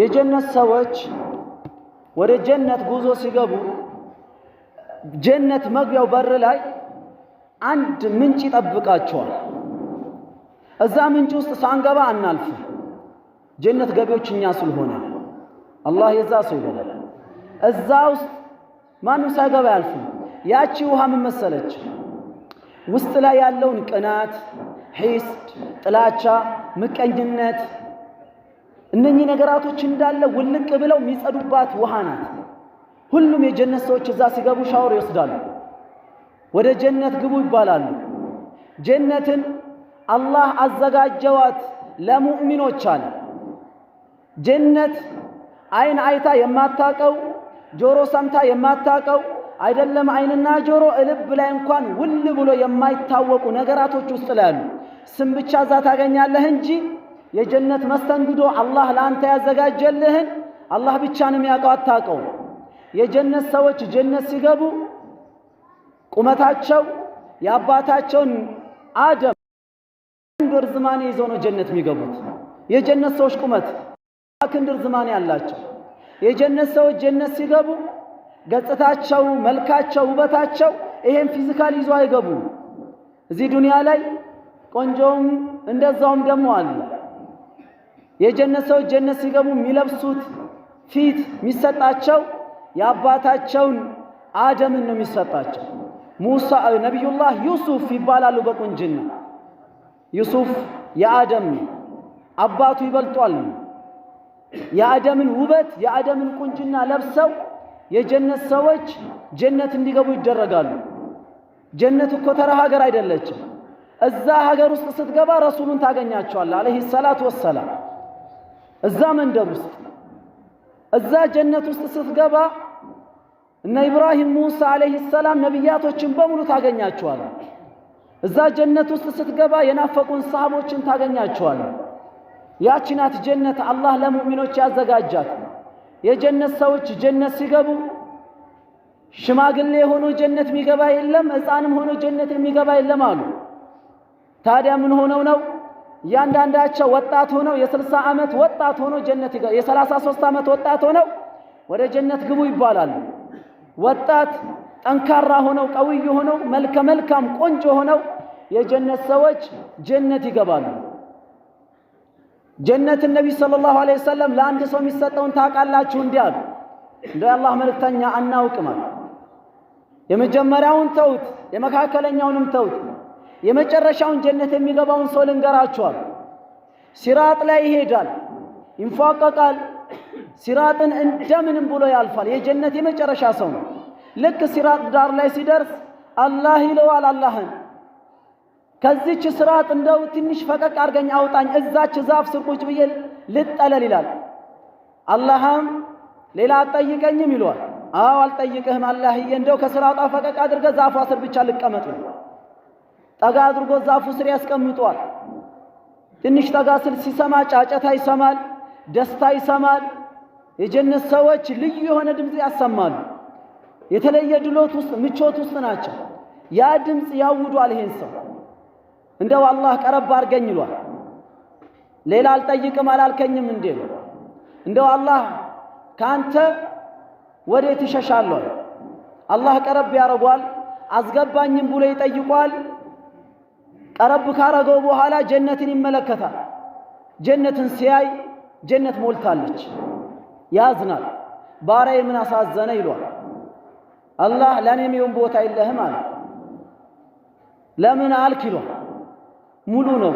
የጀነት ሰዎች ወደ ጀነት ጉዞ ሲገቡ ጀነት መግቢያው በር ላይ አንድ ምንጭ ይጠብቃቸዋል። እዛ ምንጭ ውስጥ ሳንገባ አናልፍ። ጀነት ገቢዎች እኛ ስለሆነ አላህ የዛ ሰው ይበላል። እዛ ውስጥ ማንም ሳይገባ ያልፍ። ያቺ ውሃ ምን መሰለች? ውስጥ ላይ ያለውን ቅናት፣ ሒስድ፣ ጥላቻ፣ ምቀኝነት እነኚህ ነገራቶች እንዳለ ውልቅ ብለው የሚጸዱባት ውሃ ናት። ሁሉም የጀነት ሰዎች እዛ ሲገቡ ሻወር ይወስዳሉ። ወደ ጀነት ግቡ ይባላሉ። ጀነትን አላህ አዘጋጀዋት ለሙእሚኖች አለ። ጀነት አይን አይታ የማታቀው ጆሮ ሰምታ የማታቀው አይደለም አይንና ጆሮ እልብ ላይ እንኳን ውል ብሎ የማይታወቁ ነገራቶች ውስጥ ላይ ያሉ ስም ብቻ እዛ ታገኛለህ እንጂ የጀነት መስተንግዶ አላህ ለአንተ ያዘጋጀልህን አላህ ብቻ ነው የሚያውቀው፣ አታውቀው። የጀነት ሰዎች ጀነት ሲገቡ ቁመታቸው የአባታቸውን አደም ክንድ ርዝማኔ ይዘው ነው ጀነት የሚገቡት። የጀነት ሰዎች ቁመት ክንድ ርዝማኔ አላቸው። የጀነት ሰዎች ጀነት ሲገቡ ገጽታቸው፣ መልካቸው፣ ውበታቸው ይሄን ፊዚካል ይዞ አይገቡም። እዚህ ዱንያ ላይ ቆንጆውም እንደዛውም ደግሞ አለ የጀነት ሰዎች ጀነት ሲገቡ የሚለብሱት ፊት የሚሰጣቸው የአባታቸውን አደምን ነው የሚሰጣቸው። ሙሳ ነቢዩላህ ዩሱፍ ይባላሉ በቁንጅና ዩሱፍ የአደም አባቱ ይበልጧል ነው። የአደምን ውበት የአደምን ቁንጅና ለብሰው የጀነት ሰዎች ጀነት እንዲገቡ ይደረጋሉ። ጀነት እኮ ተራ ሀገር አይደለችም። እዛ ሀገር ውስጥ ስትገባ ረሱሉን ታገኛቸዋለህ አለይሂ ሰላቱ ወሰላም እዛ መንደር ውስጥ እዛ ጀነት ውስጥ ስትገባ እነ ኢብራሂም፣ ሙሳ አለይሂ ሰላም ነቢያቶችን በሙሉ ታገኛቸዋል። እዛ ጀነት ውስጥ ስትገባ የናፈቁን ሰሃቦችን ታገኛቸዋል። ያቺ ናት ጀነት አላህ ለሙእሚኖች ያዘጋጃት። የጀነት ሰዎች ጀነት ሲገቡ ሽማግሌ ሆኖ ጀነት የሚገባ የለም፣ ሕፃንም ሆኖ ጀነት የሚገባ የለም አሉ። ታዲያ ምን ሆነው ነው እያንዳንዳቸው ወጣት ሆነው የስልሳ ዓመት ወጣት ሆኖ ጀነት የ33 ዓመት ወጣት ሆነው ወደ ጀነት ግቡ ይባላሉ። ወጣት ጠንካራ ሆነው ቀውይ ሆነው መልከ መልካም ቆንጆ ሆነው የጀነት ሰዎች ጀነት ይገባሉ። ጀነት ነቢይ ሰለላሁ ዐለይሂ ወሰለም ለአንድ ሰው የሚሰጠውን ታውቃላችሁ? እንዲህ አሉ። እንደ አላህ መልእክተኛ አናውቅም አሉ። የመጀመሪያውን ተውት፣ የመካከለኛውንም ተውት፣ የመጨረሻውን ጀነት የሚገባውን ሰው ልንገራቸዋል ሲራጥ ላይ ይሄዳል፣ ይንፏቀቃል። ሲራጥን እንደምንም ብሎ ያልፋል። የጀነት የመጨረሻ ሰው ነው። ልክ ሲራጥ ዳር ላይ ሲደርስ አላህ ይለዋል አላህን ከዚች ስርዓት እንደው ትንሽ ፈቀቅ አድርገኝ አውጣኝ፣ እዛች ዛፍ ስር ቁጭ ብዬ ልጠለል ይላል። አላህም ሌላ አልጠይቀኝም ይለዋል። አዎ አልጠይቅህም አላህዬ፣ እንደው ከስርዓቷ ፈቀቅ አድርገ ዛፏ ስር ብቻ ልቀመጥ ነው። ጠጋ አድርጎ ዛፉ ስር ያስቀምጧል። ትንሽ ጠጋ ስል ሲሰማ ጫጨታ ይሰማል፣ ደስታ ይሰማል። የጀነት ሰዎች ልዩ የሆነ ድምፅ ያሰማሉ። የተለየ ድሎት ውስጥ ምቾት ውስጥ ናቸው። ያ ድምፅ ያውዷል ይሄን ሰው እንደው አላህ ቀረብ አርገኝ ይሏል። ሌላ አልጠይቅም አላልከኝም እንዴ? ነው እንደው አላህ ካንተ ወዴት እሸሻለሁ? አላህ ቀረብ ያረጓል። አስገባኝም ብሎ ይጠይቋል። ቀረብ ካረገው በኋላ ጀነትን ይመለከታል። ጀነትን ሲያይ ጀነት ሞልታለች፣ ያዝናል። ባሪያዬ ምን አሳዘነ ይሏል። አላህ ለእኔ የሚሆን ቦታ የለህም አለ። ለምን አልክ ይሏል። ሙሉ ነው።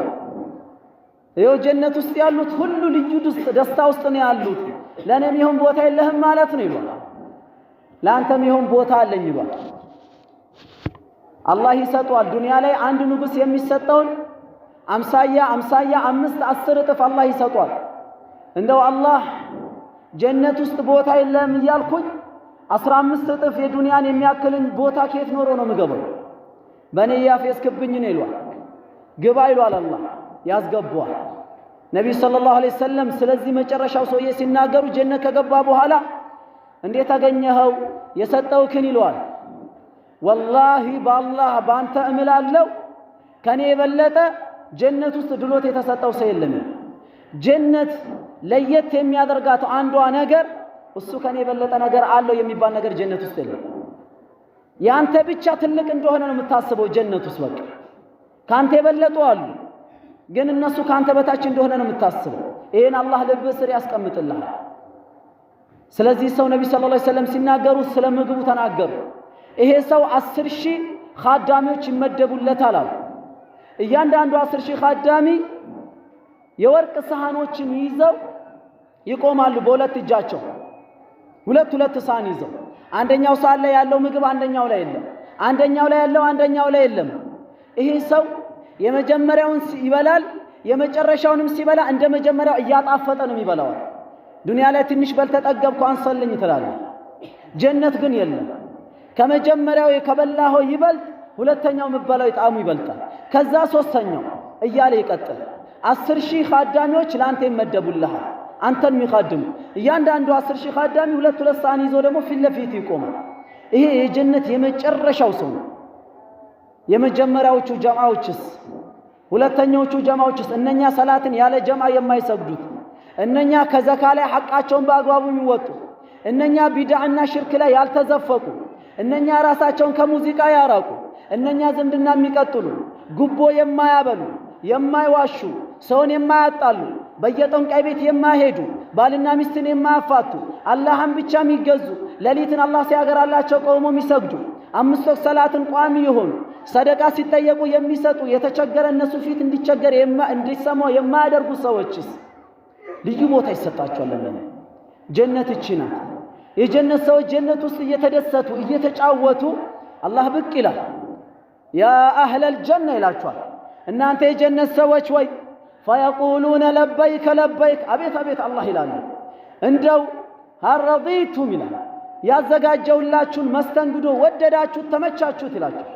ይኸው ጀነት ውስጥ ያሉት ሁሉ ልዩ ደስታ ውስጥ ነው ያሉት። ለእኔ የሚሆን ቦታ የለህም ማለት ነው ይሏል። ለአንተ የሚሆን ቦታ አለኝ ይሏል። አላህ ይሰጧል። ዱንያ ላይ አንድ ንጉስ የሚሰጠውን አምሳያ አምሳያ አምስት አስር እጥፍ አላህ ይሰጧል። እንደው አላህ ጀነት ውስጥ ቦታ የለም እያልኩኝ አስራ አምስት እጥፍ የዱንያን የሚያክልን ቦታ ኬት ኖሮ ነው ምገባው? በእኔ ያፌስክብኝ ነው ይሏል። ግባ ይሏል አላህ ያስገቧል። ነቢዩ ሰለላሁ ዐለይሂ ወሰለም ስለዚህ መጨረሻው ሰውዬ ሲናገሩ ጀነት ከገባ በኋላ እንዴት አገኘኸው የሰጠውክን ይለዋል። ወላሂ በአላህ በአንተ እምላለው ከኔ የበለጠ ጀነት ውስጥ ድሎት የተሰጠው ሰው የለም። ጀነት ለየት የሚያደርጋት አንዷ ነገር እሱ ከኔ የበለጠ ነገር አለው የሚባል ነገር ጀነት ውስጥ የለም። የአንተ ብቻ ትልቅ እንደሆነ ነው የምታስበው። ጀነት ውስጥ በቃ ካንተ የበለጡ አሉ፣ ግን እነሱ ካንተ በታች እንደሆነ ነው የምታስበው። ይህን አላህ ልብ ስር ያስቀምጥልሃል። ስለዚህ ሰው ነቢ ሰለላሁ ዐለይሂ ወሰለም ሲናገሩ ስለ ምግቡ ተናገሩ። ይሄ ሰው አስር ሺህ ኻዳሚዎች ይመደቡለታል አሉ። እያንዳንዱ አስር ሺህ ኻዳሚ የወርቅ ሳህኖችን ይዘው ይቆማሉ። በሁለት እጃቸው ሁለት ሁለት ሳህን ይዘው አንደኛው ሳህን ላይ ያለው ምግብ አንደኛው ላይ የለም፣ አንደኛው ላይ ያለው አንደኛው ላይ የለም። ይሄ ሰው የመጀመሪያውን ይበላል፣ የመጨረሻውንም ሲበላ እንደ መጀመሪያው እያጣፈጠ ነው የሚበላዋል። ዱንያ ላይ ትንሽ በልተጠገብኩ አንሰልኝ ትላለህ፣ ጀነት ግን የለም። ከመጀመሪያው ከበላኸው ይበልጥ ሁለተኛው ምበላው ጣዕሙ ይበልጣል። ከዛ ሶስተኛው እያለ ይቀጥል። አስር ሺህ ኻዳሚዎች ለአንተ ይመደቡልሃል፣ አንተን የሚኻድሙ እያንዳንዱ አስር ሺህ ኻዳሚ ሁለት ሁለት ሰሃን ይዞ ደግሞ ፊት ለፊት ይቆማል። ይሄ የጀነት የመጨረሻው ሰው ነው። የመጀመሪያዎቹ ጀማዎችስ ሁለተኛዎቹ ጀማዎችስ እነኛ ሰላትን ያለ ጀማ የማይሰግዱት እነኛ ከዘካ ላይ ሐቃቸውን በአግባቡ የሚወጡ እነኛ ቢድዓና ሽርክ ላይ ያልተዘፈቁ እነኛ ራሳቸውን ከሙዚቃ ያራቁ፣ እነኛ ዝምድና የሚቀጥሉ ጉቦ የማያበሉ የማይዋሹ ሰውን የማያጣሉ በየጠንቋይ ቤት የማይሄዱ ባልና ሚስትን የማያፋቱ አላህን ብቻ የሚገዙ ሌሊትን አላህ ሲያገራላቸው ቆሞ የሚሰግዱ አምስት ወቅት ሰላትን ቋሚ የሆኑ ሰደቃ ሲጠየቁ የሚሰጡ የተቸገረ እነሱ ፊት እንዲቸገር እንዲሰማው የማያደርጉ ሰዎችስ ልዩ ቦታ ይሰጣቸዋል። ጀነት እቺ ናት። የጀነት ሰዎች ጀነት ውስጥ እየተደሰቱ እየተጫወቱ አላህ ብቅ ይላል። ያ አህለል ጀና ይላችኋል፣ እናንተ የጀነት ሰዎች ወይ ፈየቁሉነ ለበይከ ለበይክ፣ አቤት አቤት አላህ ይላሉ። እንደው አረዲቱም ይላል ያዘጋጀውላችሁን መስተንግዶ ወደዳችሁት፣ ተመቻችሁት ይላችሁ።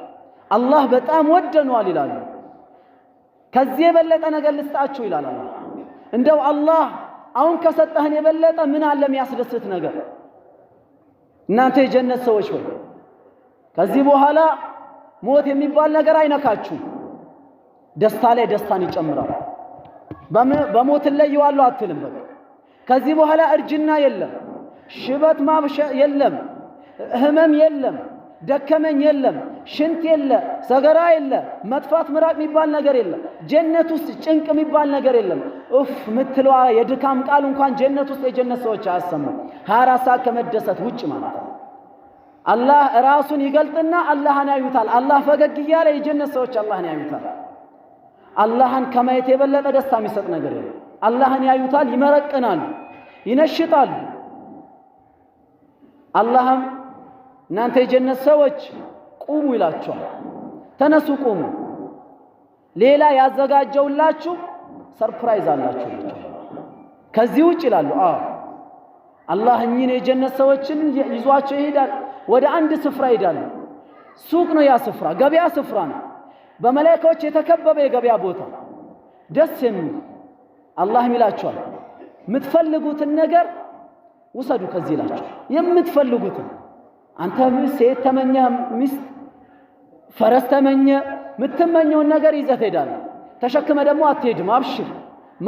አላህ በጣም ወደኗል ይላሉ። ከዚህ የበለጠ ነገር ልስጣችሁ ይላል አላህ። እንደው አላህ አሁን ከሰጠህን የበለጠ ምን አለ የሚያስደስት ነገር? እናንተ የጀነት ሰዎች ሆይ ከዚህ በኋላ ሞት የሚባል ነገር አይነካችሁ። ደስታ ላይ ደስታን ይጨምራል። በሞት ላይ አትልም። በቃ ከዚህ በኋላ እርጅና የለም፣ ሽበት ማብሻ የለም፣ ህመም የለም። ደከመኝ የለም፣ ሽንት የለ፣ ሰገራ የለ፣ መጥፋት ምራቅ የሚባል ነገር የለም። ጀነት ውስጥ ጭንቅ የሚባል ነገር የለም። እፍ ምትለዋ የድካም ቃል እንኳን ጀነት ውስጥ የጀነት ሰዎች አያሰሙም። ሀያ አራት ሰዓት ከመደሰት ውጭ ማለት ነው። አላህ ራሱን ይገልጥና አላህን ያዩታል። አላህ ፈገግ እያለ የጀነት ሰዎች አላህን ያዩታል። አላህን ከማየት የበለጠ ደስታ የሚሰጥ ነገር የለም። አላህን ያዩታል፣ ይመረቅናሉ፣ ይነሽጣሉ። አላህም እናንተ የጀነት ሰዎች ቁሙ ይላቸዋል ተነሱ ቁሙ፣ ሌላ ያዘጋጀውላችሁ ሰርፕራይዝ አላችሁ ይላችኋል። ከዚህ ውጭ ይላሉ። አዎ አላህ እኚህን የጀነት ሰዎችን ይዟቸው ይሄዳል። ወደ አንድ ስፍራ ይሄዳሉ። ሱቅ ነው ያ ስፍራ፣ ገበያ ስፍራ ነው። በመላእክቶች የተከበበ የገበያ ቦታ ደስ የሚል አላህም ይላቸዋል፣ የምትፈልጉትን ነገር ውሰዱ ከዚህ ይላቸዋል። የምትፈልጉትን አንተ ሴት ተመኘህ ሚስት፣ ፈረስ ተመኘ የምትመኘውን ነገር ይዘህ ትሄዳለህ። ተሸክመ ደግሞ አትሄድም። አብሽር፣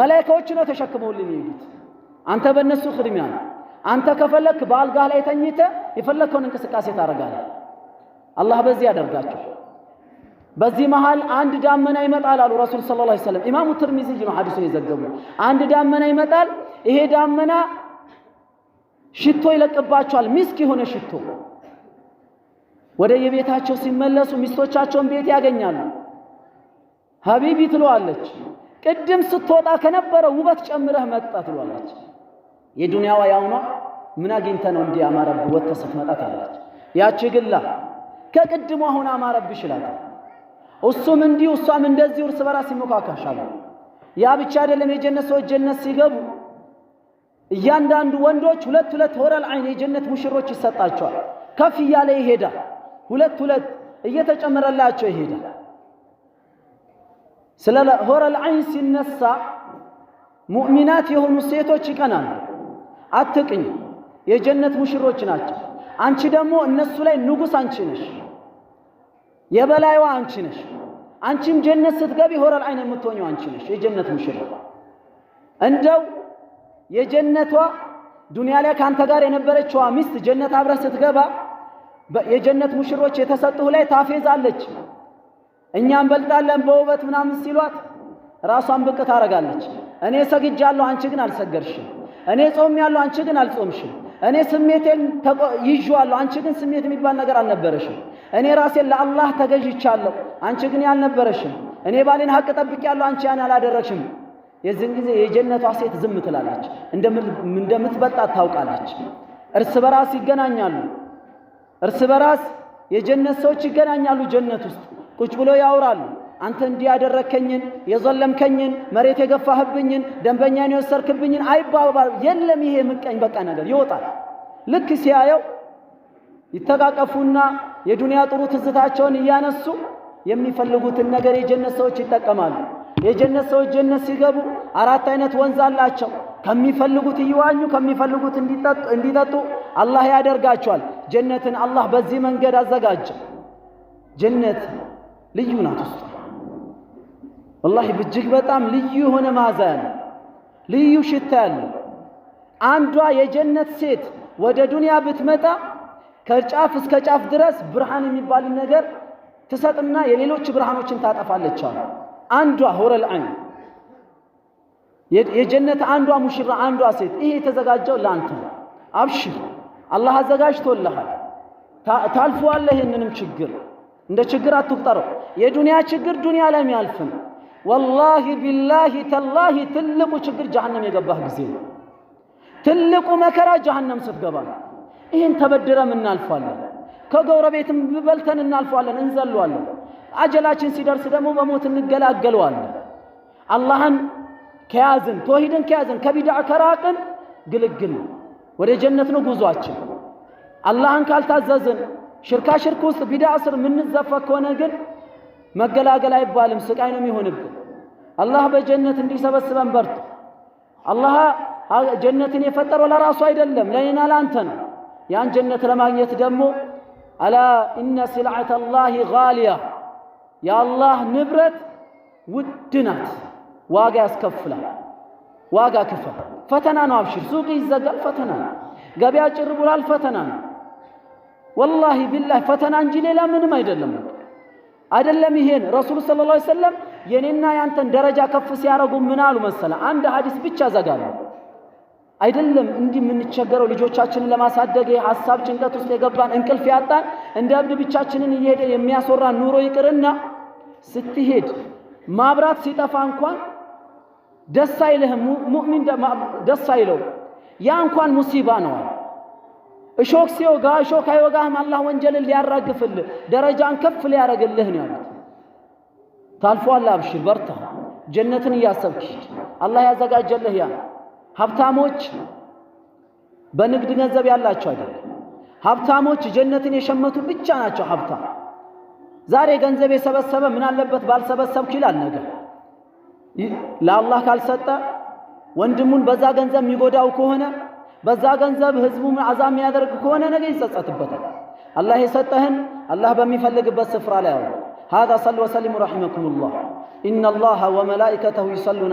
መላይካዎች ነው ተሸክመውልን ይሄዱት። አንተ በእነሱ ቅድሚያ ነው። አንተ ከፈለክ በአልጋህ ላይ ተኝተ የፈለከውን እንቅስቃሴ ታደርጋለህ። አላህ በዚህ ያደርጋቸው። በዚህ መሃል አንድ ዳመና ይመጣል አሉ ረሱል ሰለላሁ ዐለይሂ ወሰለም። ኢማሙ ትርሚዚ ነው ሐዲሱን የዘገቡ። አንድ ዳመና ይመጣል። ይሄ ዳመና ሽቶ ይለቅባቸዋል፣ ሚስክ የሆነ ሽቶ ወደ የቤታቸው ሲመለሱ ሚስቶቻቸውን ቤት ያገኛሉ። ሀቢቢ ትሏለች። ቅድም ስትወጣ ከነበረ ውበት ጨምረህ መጣ ትሏለች። የዱንያዋ ያውኗ ምን አግኝተ ነው እንዲህ አማረብህ ወጥተህ ስትመጣ ትላለች። ያቺ ግላ ከቅድሙ አሁን አማረብሽ ይላታል። እሱም እንዲህ እሷም እንደዚህ እርስ በራስ ይሞካካሻሉ። ያ ብቻ አይደለም። የጀነት ሰዎች ጀነት ሲገቡ እያንዳንዱ ወንዶች ሁለት ሁለት ሆረል አይን የጀነት ሙሽሮች ይሰጣቸዋል። ከፍ እያለ ይሄዳል። ሁለት ሁለት እየተጨመረላቸው ይሄዳል። ስለ ሆረል ዐይን ሲነሳ ሙእሚናት የሆኑ ሴቶች ይቀናሉ። አትቅኝ፣ የጀነት ሙሽሮች ናቸው። አንቺ ደግሞ እነሱ ላይ ንጉሥ አንቺ ነሽ፣ የበላይዋ አንቺ ነሽ። አንቺም ጀነት ስትገቢ ሆረል ዐይን የምትሆኘው አንቺ ነሽ፣ የጀነት ሙሽሮ እንደው የጀነቷ ዱንያ ላይ ከአንተ ጋር የነበረችዋ ሚስት ጀነት አብረህ ስትገባ የጀነት ሙሽሮች የተሰጡህ ላይ ታፌዛለች። እኛ እንበልጣለን በውበት ምናምን ሲሏት ራሷን ብቅ ታረጋለች። እኔ ሰግጃለሁ፣ አንቺ ግን አልሰገርሽም። እኔ ጾሜያለሁ፣ አንቺ ግን አልጾምሽም። እኔ ስሜቴን ይዤዋለሁ፣ አንቺ ግን ስሜት የሚባል ነገር አልነበረሽም። እኔ ራሴን ለአላህ ተገዥቻለሁ፣ አንቺ ግን ያልነበረሽም። እኔ ባሌን ሀቅ ጠብቄያለሁ፣ አንቺ ያን አላደረግሽም። የዚህን ጊዜ የጀነቷ ሴት ዝም ትላለች፣ እንደምትበልጣት ታውቃለች። እርስ በራስ ይገናኛሉ። እርስ በራስ የጀነት ሰዎች ይገናኛሉ። ጀነት ውስጥ ቁጭ ብሎ ያወራሉ። አንተ እንዲህ ያደረከኝን፣ የዘለምከኝን፣ መሬት የገፋህብኝን፣ ደንበኛን የወሰርክብኝን አይባባል። የለም ይሄ ምቀኝ በቃ ነገር ይወጣል። ልክ ሲያየው ይተቃቀፉና የዱንያ ጥሩ ትዝታቸውን እያነሱ የሚፈልጉትን ነገር የጀነት ሰዎች ይጠቀማሉ። የጀነት ሰዎች ጀነት ሲገቡ አራት አይነት ወንዝ አላቸው። ከሚፈልጉት እየዋኙ ከሚፈልጉት እንዲጠጡ አላህ ያደርጋቸዋል። ጀነትን አላህ በዚህ መንገድ አዘጋጀ። ጀነት ልዩ ናት። ውስጥ ወላሂ እጅግ በጣም ልዩ የሆነ መዓዛ ያለው ልዩ ሽታ ያለው አንዷ የጀነት ሴት ወደ ዱንያ ብትመጣ ከጫፍ እስከ ጫፍ ድረስ ብርሃን የሚባል ነገር ትሰጥና የሌሎች ብርሃኖችን ታጠፋለች። አንዷ ሆረል አይን የጀነት አንዷ ሙሽራ አንዷ ሴት ይሄ የተዘጋጀው ለአንተ ነው። አብሽር፣ አላህ አዘጋጅቶልሃል። ታልፈዋለህ። ይህንንም ችግር እንደ ችግር አትቁጠረው። የዱንያ ችግር ዱንያ ላይ የሚያልፍ ነው። ወላሂ ቢላሂ ተላሂ ትልቁ ችግር ጀሃነም የገባህ ጊዜ ነው። ትልቁ መከራ ጀሀነም ስትገባ ነው። ይህን ተበድረም እናልፏለን። ከጎረቤትም በልተን እናልፏለን፣ እንዘሏለን። አጀላችን ሲደርስ ደግሞ በሞት እንገላገለዋለን። አላህን ከያዝን፣ ተውሂድን ከያዝን፣ ከቢድዓ ከራቅን ግልግል ወደ ጀነት ነው ጉዟችን። አላህን ካልታዘዝን ሽርካ ሽርክ ውስጥ ቢድዓ ስር የምንዘፈ ከሆነ ግን መገላገል አይባልም፣ ስቃይ ነው የሚሆንብን። አላህ በጀነት እንዲሰበስበን በርቱ። አላህ ጀነትን የፈጠረው ለራሱ አይደለም፣ ለኔና ለአንተ ነው። ያን ጀነት ለማግኘት ደግሞ አላ ኢነ ሲልዓተ ላሂ ጋሊያ የአላህ ንብረት ውድ ናት፣ ዋጋ ያስከፍላል። ዋጋ ክፈል። ፈተና ነው። አብሽር፣ ሱቅ ይዘጋል፣ ፈተና ነው። ገበያ ጭር ብሏል፣ ፈተና ነው። ወላሂ ቢላህ ፈተና እንጂ ሌላ ምንም አይደለም። አይደለም ይሄን ረሱሉ ሰለላሁ ዐለይሂ ወሰለም የኔና ያንተን ደረጃ ከፍ ሲያደርጉ ምን አሉ መሰለ? አንድ ሀዲስ ብቻ ዘጋለሁ አይደለም እንዲህ የምንቸገረው ልጆቻችንን ለማሳደግ የሀሳብ ጭንቀት ውስጥ የገባን እንቅልፍ ያጣን እንደ እብድ ብቻችንን እየሄደ የሚያስወራን ኑሮ ይቅርና ስትሄድ ማብራት ሲጠፋ እንኳን ደስ አይልህም። ሙእሚን ደስ አይለው። ያ እንኳን ሙሲባ ነው። እሾክ ሲወጋ እሾክ አይወጋህም። አላህ ወንጀልን ሊያራግፍልህ ደረጃን ከፍ ሊያረግልህ ነው ያሉት። ታልፎ አለ፣ አብሽር በርታ፣ ጀነትን እያሰብክ አላህ ያዘጋጀልህ ያ ሀብታሞች በንግድ ገንዘብ ያላቸው አይደለም። ሀብታሞች ጀነትን የሸመቱ ብቻ ናቸው ሀብታም። ዛሬ ገንዘብ የሰበሰበ ምን አለበት ባልሰበሰብኩ ይላል ነገ። ለአላህ ካልሰጠ ወንድሙን በዛ ገንዘብ የሚጎዳው ከሆነ በዛ ገንዘብ ህዝቡን አዛ የሚያደርግ ከሆነ ነገ ይጸጸትበታል። አላህ የሰጠህን አላህ በሚፈልግበት ስፍራ ላይ አውል። هذا ሰሉ ወሰሊሙ رحمكم الله إن الله وملائكته يصلون